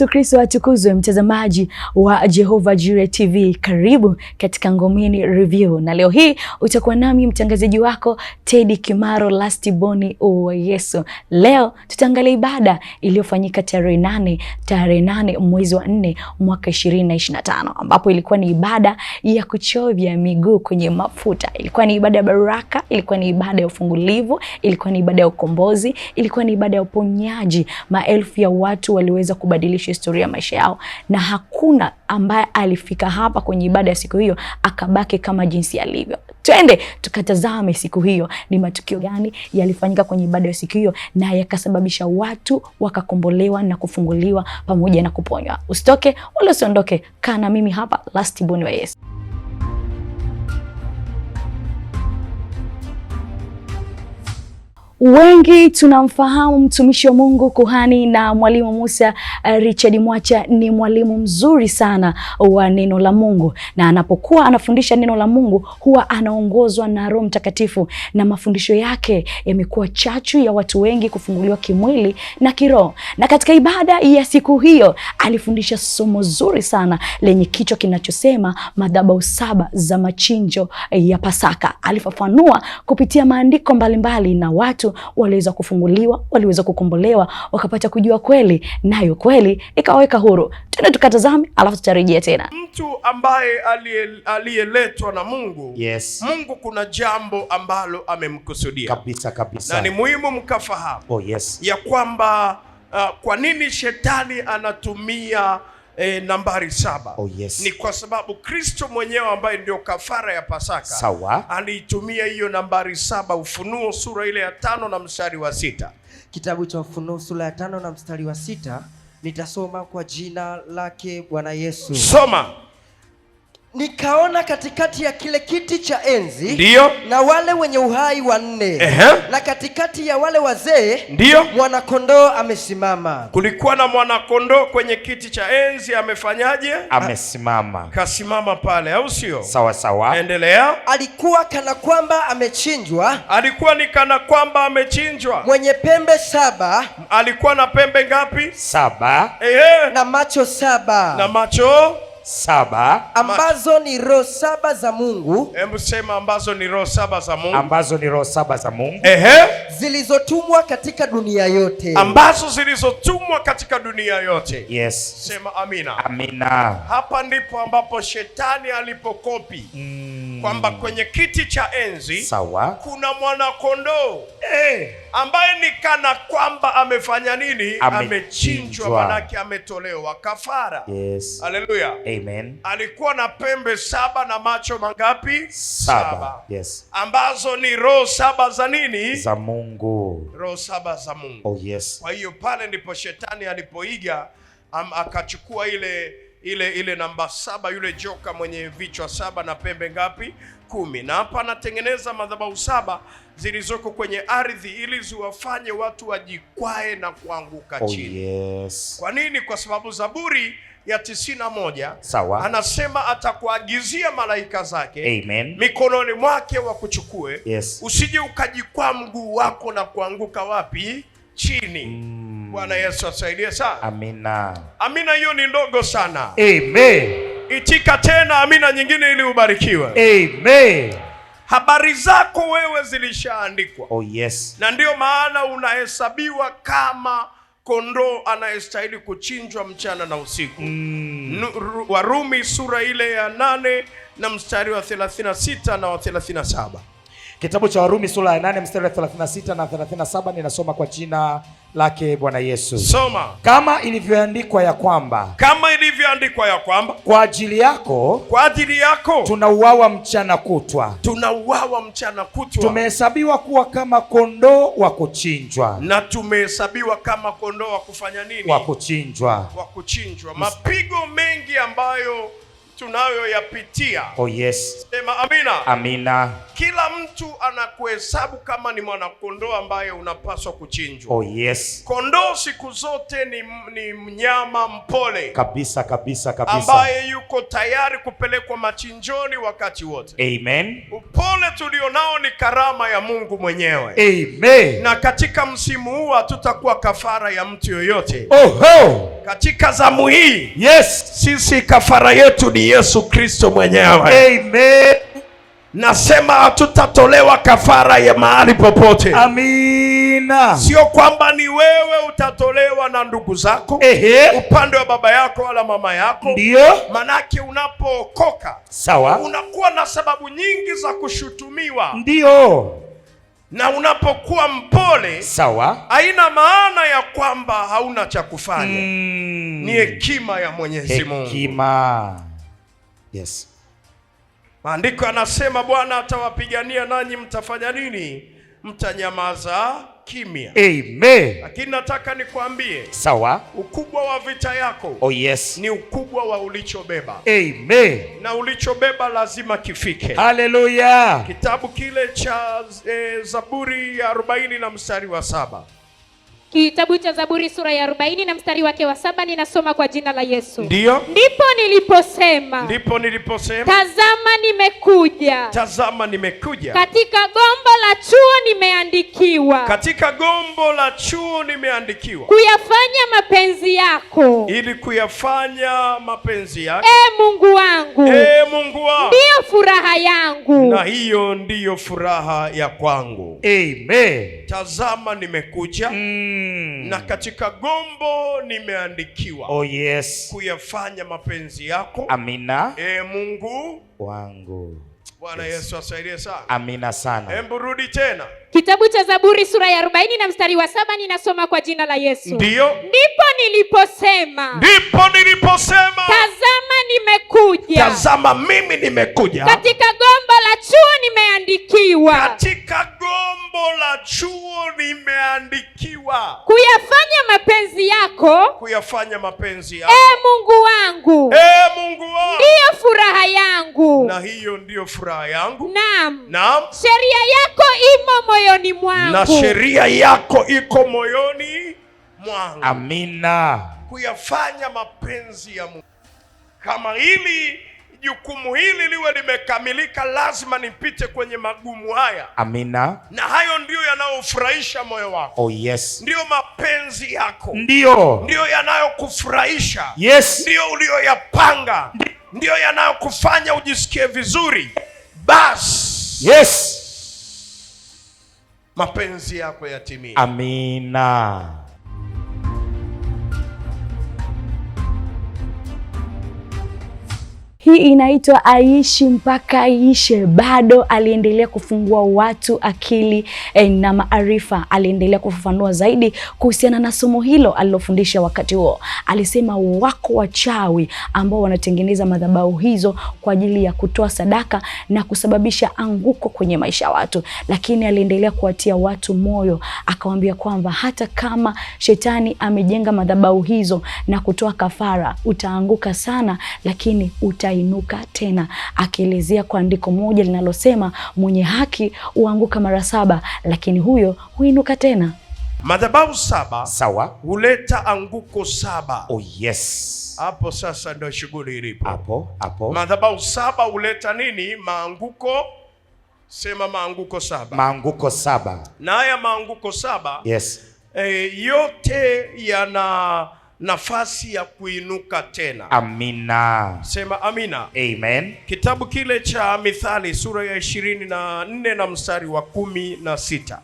Yesu Kristo atukuzwe, mtazamaji wa Jehova Jireh TV, karibu katika Ngomeni Review, na leo hii utakuwa nami mtangazaji wako Teddy Kimaro last boni wa Yesu. Leo tutaangalia ibada iliyofanyika tarehe nane tarehe nane mwezi wa nne mwaka 2025 ambapo ilikuwa ni ibada ya kuchovya miguu kwenye mafuta. Ilikuwa ni ibada ya baraka, ilikuwa ni ibada ya ufungulivu, ilikuwa ni ibada ya ukombozi, ilikuwa ni ibada ya uponyaji. Maelfu ya watu waliweza kubadilisha historia ya maisha yao, na hakuna ambaye alifika hapa kwenye ibada ya siku hiyo akabaki kama jinsi alivyo. Twende tukatazame siku hiyo ni matukio gani yalifanyika kwenye ibada ya siku hiyo na yakasababisha watu wakakombolewa na kufunguliwa pamoja na kuponywa. Usitoke wala usiondoke, kaa na mimi hapa Lastborn wa Yesu. Wengi tunamfahamu mtumishi wa Mungu kuhani na mwalimu Musa eh, Richard Mwacha. Ni mwalimu mzuri sana wa neno la Mungu, na anapokuwa anafundisha neno la Mungu huwa anaongozwa na Roho Mtakatifu, na mafundisho yake yamekuwa chachu ya watu wengi kufunguliwa kimwili na kiroho. Na katika ibada ya siku hiyo alifundisha somo zuri sana lenye kichwa kinachosema madhabahu saba za machinjo ya Pasaka. Alifafanua kupitia maandiko mbalimbali na watu Kristo waliweza kufunguliwa, waliweza kukombolewa, wakapata kujua kweli, nayo kweli ikawaweka huru. tena tukatazame, alafu tutarejea tena. Mtu ambaye aliyeletwa na Mungu, yes. Mungu kuna jambo ambalo amemkusudia kabisa kabisa, na ni muhimu mkafahamu, oh, yes. ya kwamba uh, kwa nini shetani anatumia e, nambari saba. Oh, yes. Ni kwa sababu Kristo mwenyewe ambaye ndio kafara ya Pasaka sawa, aliitumia hiyo nambari saba, Ufunuo sura ile ya tano na mstari wa sita. Kitabu cha Ufunuo sura ya tano na mstari wa sita nitasoma kwa jina lake Bwana Yesu. Soma. Nikaona katikati ya kile kiti cha enzi ndiyo, na wale wenye uhai wanne, na katikati ya wale wazee ndiyo, mwanakondoo amesimama. Kulikuwa na mwanakondoo kwenye kiti cha enzi, amefanyaje? Amesimama, kasimama pale, au sio? Sawa sawa, endelea. Alikuwa kana kwamba amechinjwa, alikuwa ni kana kwamba amechinjwa, mwenye pembe saba. Alikuwa na pembe ngapi? Saba. Ehe, na macho saba, na macho saba ambazo ni roho saba za Mungu. Hebu sema ambazo ni roho saba za Mungu, ambazo ni roho saba za Mungu, ehe, zilizotumwa katika dunia yote, ambazo zilizotumwa katika dunia yote. Yes, sema amina, amina. Hapa ndipo ambapo shetani alipokopi mm kwamba kwenye kiti cha enzi sawa, kuna mwanakondoo eh, ambaye ni kana kwamba amefanya nini? Amechinjwa, ame manake ametolewa kafara. Yes, haleluya, amen. Alikuwa na pembe saba na macho mangapi? Saba, saba. Yes, ambazo ni roho saba za nini? Za Mungu, roho saba za Mungu. Oh, yes. Kwa hiyo pale ndipo shetani alipoiga akachukua ile ile ile namba saba, yule joka mwenye vichwa saba na pembe ngapi? Kumi. Na hapa anatengeneza madhabahu saba zilizoko kwenye ardhi ili ziwafanye watu wajikwae na kuanguka oh, chini. yes. Kwa nini? Kwa sababu Zaburi ya tisini na moja sawa, anasema atakuagizia malaika zake Amen. mikononi mwake wa kuchukue, yes. usije ukajikwaa mguu wako na kuanguka wapi? Chini. mm. Bwana Yesu asaidie sana. Amina. Amina hiyo ni ndogo sana. Amen. Itika tena amina nyingine ili ubarikiwe. Amen. Habari zako wewe zilishaandikwa. Oh, yes. Na ndiyo maana unahesabiwa kama kondoo anayestahili kuchinjwa mchana na usiku. Mm. Warumi sura ile ya nane na mstari wa 36 na wa 37. Kitabu cha Warumi sura ya 8 mstari wa 36 na 37, ninasoma kwa jina lake Bwana Yesu. Soma. Kama ilivyoandikwa ya kwamba, kama ilivyoandikwa ya kwamba, kwa ajili yako, kwa ajili yako tunauawa mchana kutwa, tunauawa mchana kutwa, tumehesabiwa kuwa kama kondoo wa kuchinjwa, na tumehesabiwa kama kondoo wa kufanya nini? Wa kuchinjwa, wa kuchinjwa. Mapigo mengi ambayo tunayoyapitia. Oh yes. Sema amina. Amina. Kila mtu anakuhesabu kama ni mwanakondoo ambaye unapaswa kuchinjwa. Oh yes. Kondoo siku zote ni, ni mnyama mpole kabisa kabisa kabisa, ambaye yuko tayari kupelekwa machinjoni wakati wote. Amen. Upole tulionao ni karama ya Mungu mwenyewe. Amen. Na katika msimu huu hatutakuwa kafara ya mtu yoyote. Oho. Oh, katika zamu hii, yes, sisi kafara yetu ni Yesu Kristo mwenyewe. Amen. Nasema hatutatolewa kafara ya mahali popote. Amina. Sio kwamba ni wewe utatolewa na ndugu zako, ehe, upande wa baba yako wala mama yako. Ndio manake unapookoka, sawa, unakuwa na sababu nyingi za kushutumiwa. Ndio na unapokuwa mpole sawa, haina maana ya kwamba hauna cha kufanya. Mm. Ni hekima ya Mwenyezi Mungu, hekima Yes. Maandiko anasema Bwana atawapigania nanyi mtafanya nini? Mtanyamaza kimya. Amen. Lakini nataka nikwambie, sawa, ukubwa wa vita yako, oh yes, ni ukubwa wa ulichobeba. Amen. Na ulichobeba lazima kifike. Haleluya. Kitabu kile cha e, Zaburi ya 40 na mstari wa saba Kitabu cha Zaburi sura ya 40 na mstari wake wa saba ninasoma kwa jina la Yesu. Ndio. Ndipo niliposema. Ndipo niliposema. Tazama nimekuja. Tazama nimekuja. Katika gombo la chuo nimeandikiwa. Katika gombo la chuo nimeandikiwa. Kuyafanya mapenzi yako. Ili kuyafanya mapenzi yako. E Mungu wangu. E Mungu wangu. Ndiyo furaha yangu. Na hiyo ndiyo furaha ya kwangu. Amen. Tazama nimekuja. Mm. Hmm. na katika gombo nimeandikiwa oh, yes. kuyafanya mapenzi yako amina. E Mungu wangu. Bwana yes. Yesu asaidie sana. Amina sana. Hebu rudi tena kitabu cha Zaburi sura ya 40 na mstari wa saba ninasoma kwa jina la Yesu. ndio Ndipo niliposema. Ndipo niliposema. Tazama nimekuja. Tazama mimi nimekuja. Katika gombo la chuo nimeandikiwa. Katika gombo la chuo nimeandikiwa kuyafanya mapenzi yako, kuyafanya mapenzi yako, e Mungu wangu, e Mungu wangu, ndiyo furaha yangu, na hiyo ndiyo furaha yangu. Naam, naam, sheria yako imo moyoni mwangu, na sheria yako iko moyoni mwangu. Amina, kuyafanya mapenzi ya Mungu kama hili jukumu hili liwe limekamilika, lazima nipite kwenye magumu haya. Amina. Na hayo ndiyo yanayofurahisha moyo wako. Oh, yes. Ndiyo mapenzi yako, ndiyo ndiyo yanayokufurahisha. Yes. Ndiyo uliyoyapanga, ndiyo yanayokufanya ujisikie vizuri. bas yes, mapenzi yako yatimie. Amina. Hii inaitwa aishi mpaka ishe. Bado aliendelea kufungua watu akili eh, na maarifa. Aliendelea kufafanua zaidi kuhusiana na somo hilo alilofundisha wakati huo. Alisema wako wachawi ambao wanatengeneza madhabahu hizo kwa ajili ya kutoa sadaka na kusababisha anguko kwenye maisha ya watu, lakini aliendelea kuwatia watu moyo, akawambia kwamba hata kama shetani amejenga madhabahu hizo na kutoa kafara, utaanguka sana, lakini uta akainuka tena, akielezea kwa andiko moja linalosema mwenye haki huanguka mara saba, lakini huyo huinuka tena. Madhabahu saba sawa, huleta anguko saba. Oh, yes. Hapo sasa ndio shughuli ilipo hapo hapo. Madhabahu saba huleta nini? Maanguko. Sema maanguko saba, maanguko saba. Na haya maanguko saba, yes. E, yote yana nafasi ya kuinuka tena. Amina, sema amina. Amen. Kitabu kile cha Mithali sura ya ishirini na nne na mstari wa kumi na sita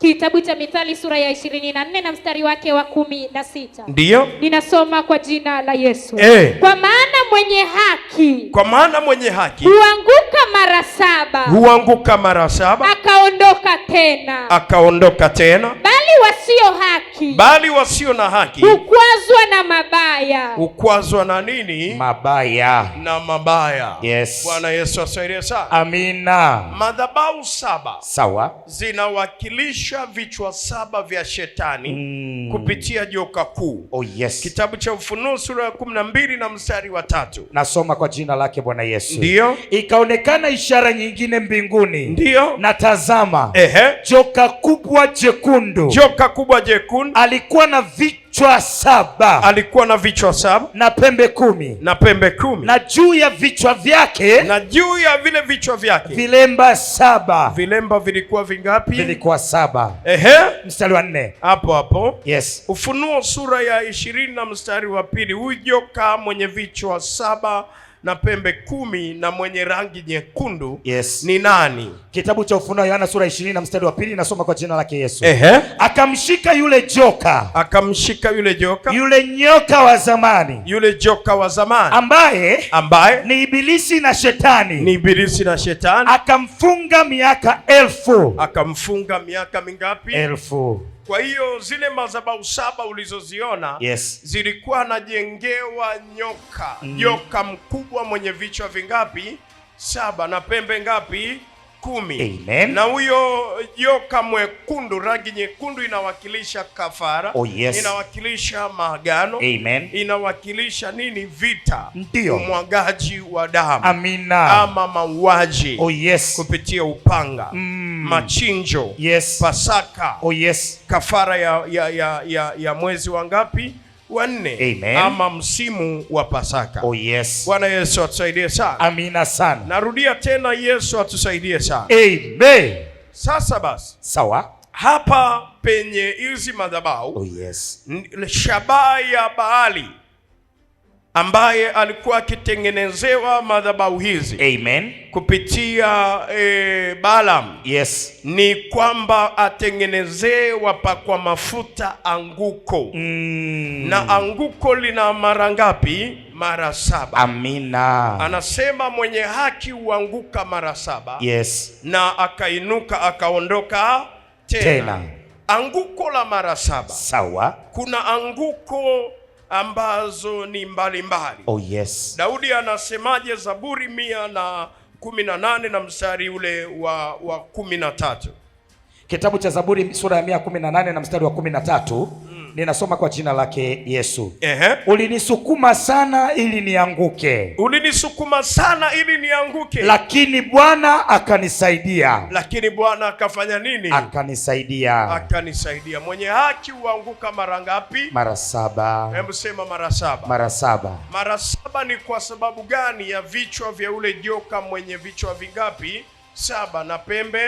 Kitabu cha Mithali sura ya 24 na mstari wake wa kumi na sita ndiyo ninasoma kwa jina la Yesu eh. kwa maana mwenye haki, kwa maana mwenye haki huanguka mara saba, huanguka mara saba, akaondoka tena, akaondoka tena. Bali wasio haki, bali wasio na haki hukwazwa na mabaya, hukwazwa na nini? Mabaya na mabaya. Yes. Bwana Yesu asaidie sana, amina. Madhabahu saba, sawa, zinawakilisha vichwa saba vya shetani mm. kupitia joka kuu. Oh, yes. Kitabu cha Ufunuo sura ya 12 na mstari wa tatu. Nasoma kwa jina lake Bwana Yesu. Ndio. Ikaonekana ishara nyingine mbinguni. ndio Na tazama, ehe, joka kubwa jekundu. Joka kubwa jekundu alikuwa na vichwa vichwa saba. Alikuwa na vichwa saba na pembe kumi na pembe kumi na juu ya vichwa vyake na juu ya vile vichwa vyake vilemba saba. Vilemba vilikuwa vingapi? Vilikuwa saba. Ehe, mstari wa nne hapo hapo. Yes, Ufunuo sura ya ishirini na mstari wa pili. Huyo kaa mwenye vichwa saba na pembe kumi na mwenye rangi nyekundu yes. ni nani? Kitabu cha Ufunuo Yohana sura 20 na mstari wa pili nasoma kwa jina lake Yesu. Ehe. Akamshika yule joka, akamshika yule joka, yule nyoka wa zamani, yule joka wa zamani ambaye, ambaye ni ibilisi na shetani, ni ibilisi na shetani, akamfunga miaka elfu, akamfunga miaka mingapi? Elfu. Kwa hiyo zile madhabahu saba ulizoziona yes, zilikuwa anajengewa nyoka mm, nyoka mkubwa mwenye vichwa vingapi? Saba na pembe ngapi? kumi. Amen. Na huyo joka mwekundu, rangi nyekundu inawakilisha kafara. Oh, yes. Inawakilisha maagano. Inawakilisha nini? Vita. Ndio. Umwagaji wa damu. Amina. Ama mauaji. Oh, yes. Kupitia upanga. Mm. Machinjo. Yes. Pasaka. Oh, yes. Kafara ya ya ya ya, ya mwezi wa ngapi? wanne ama msimu wa Pasaka. Oh, yes. Bwana Yesu atusaidie sana. Amina sana. Narudia tena, Yesu atusaidie sana. Amen. Sasa basi, sawa, hapa penye hizi madhabahu. Oh, yes. Shabaha ya Baali ambaye alikuwa akitengenezewa madhabahu hizi Amen. kupitia e, Balaam yes. ni kwamba atengenezee wapakwa mafuta anguko mm. na anguko lina mara ngapi? Mara saba. Amina. Anasema mwenye haki huanguka mara saba yes. na akainuka akaondoka tena, tena. Anguko la mara saba. Sawa. Kuna anguko ambazo ni mbalimbali. Oh, yes. Daudi anasemaje? Zaburi mia na kumi na nane na mstari ule wa wa kumi na tatu kitabu cha Zaburi sura ya mia kumi na nane na mstari wa kumi na tatu ninasoma kwa jina lake Yesu. Ehe. Ulinisukuma sana ili nianguke, ulinisukuma sana ili nianguke, lakini Bwana akanisaidia. Lakini Bwana akafanya nini? Akanisaidia, akanisaidia. Mwenye haki huanguka mara ngapi? Mara saba. Hebu sema mara saba. Mara saba. Mara saba ni kwa sababu gani ya vichwa vya ule joka mwenye vichwa vingapi? Saba na pembe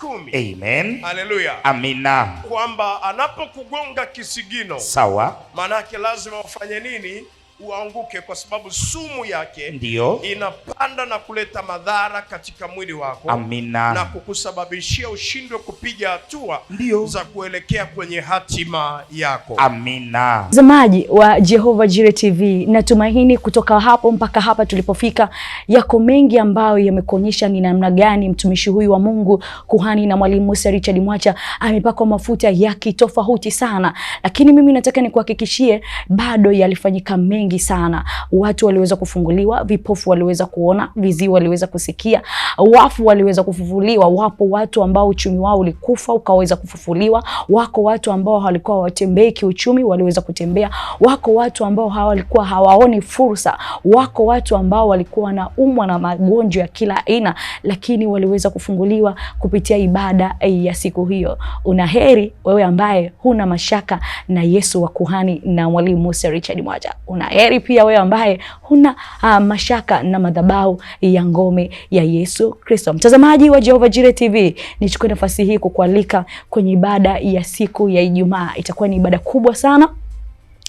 kumi. Amen. Haleluya. Amina. Kwamba anapokugonga kisigino. Sawa. Maana lazima ufanye nini? uanguke, kwa sababu sumu yake ndio inapanda na kuleta madhara katika mwili wako. Amina. na kukusababishia ushindwe kupiga hatua ndio za kuelekea kwenye hatima yako. Amina. Mtazamaji wa Jehova Jire TV, natumaini kutoka hapo mpaka hapa tulipofika, yako mengi ambayo yamekuonyesha ni namna gani mtumishi huyu wa Mungu kuhani na mwalimu Musa Richard Mwacha amepakwa mafuta ya kitofauti sana, lakini mimi nataka nikuhakikishie bado yalifanyika mengi wengi sana. Watu waliweza kufunguliwa, vipofu waliweza kuona, viziwi waliweza kusikia, wafu waliweza kufufuliwa. Wapo watu ambao uchumi wao ulikufa ukaweza kufufuliwa. Wako watu ambao walikuwa hawatembei kiuchumi waliweza kutembea. Wako watu ambao hawalikuwa hawaoni fursa. Wako watu ambao walikuwa umwa na magonjwa ya kila aina, lakini waliweza kufunguliwa kupitia ibada ya siku hiyo. Una heri wewe ambaye huna mashaka na Yesu wa kuhani na mwalimu Musa Richard Mwaja una heri pia wewe ambaye huna uh, mashaka na madhabahu ya ngome ya Yesu Kristo. Mtazamaji wa Jehova Jireh TV, nichukue nafasi hii kukualika kwenye ibada ya siku ya Ijumaa. Itakuwa ni ibada kubwa sana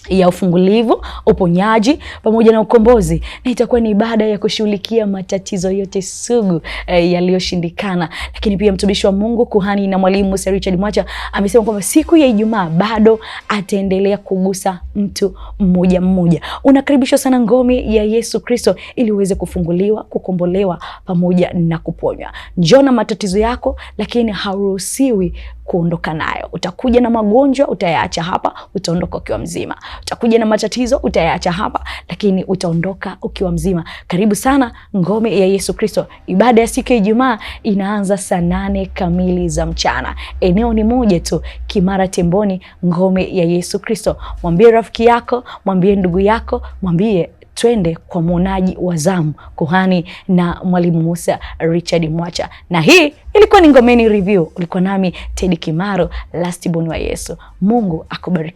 ya ufungulivu, uponyaji pamoja na ukombozi, na itakuwa ni ibada ya kushughulikia matatizo yote sugu eh, yaliyoshindikana. Lakini pia mtumishi wa Mungu, kuhani na mwalimu Sir Richard Mwacha amesema kwamba siku ya Ijumaa bado ataendelea kugusa mtu mmoja mmoja. Unakaribishwa sana ngome ya Yesu Kristo ili uweze kufunguliwa, kukombolewa pamoja na kuponywa. Njoo na matatizo yako, lakini hauruhusiwi kuondoka nayo. Utakuja na magonjwa utayaacha hapa, utaondoka ukiwa mzima. Utakuja na matatizo utayaacha hapa, lakini utaondoka ukiwa mzima. Karibu sana Ngome ya Yesu Kristo. Ibada ya siku ya Ijumaa inaanza saa nane kamili za mchana. Eneo ni moja tu, Kimara Temboni, Ngome ya Yesu Kristo. Mwambie rafiki yako, mwambie ndugu yako, mwambie twende kwa mwonaji wa zamu Kuhani na Mwalimu Musa Richard Mwacha. Na hii ilikuwa ni Ngomeni Review, ulikuwa nami Teddy Kimaro, born wa Yesu. Mungu akubariki.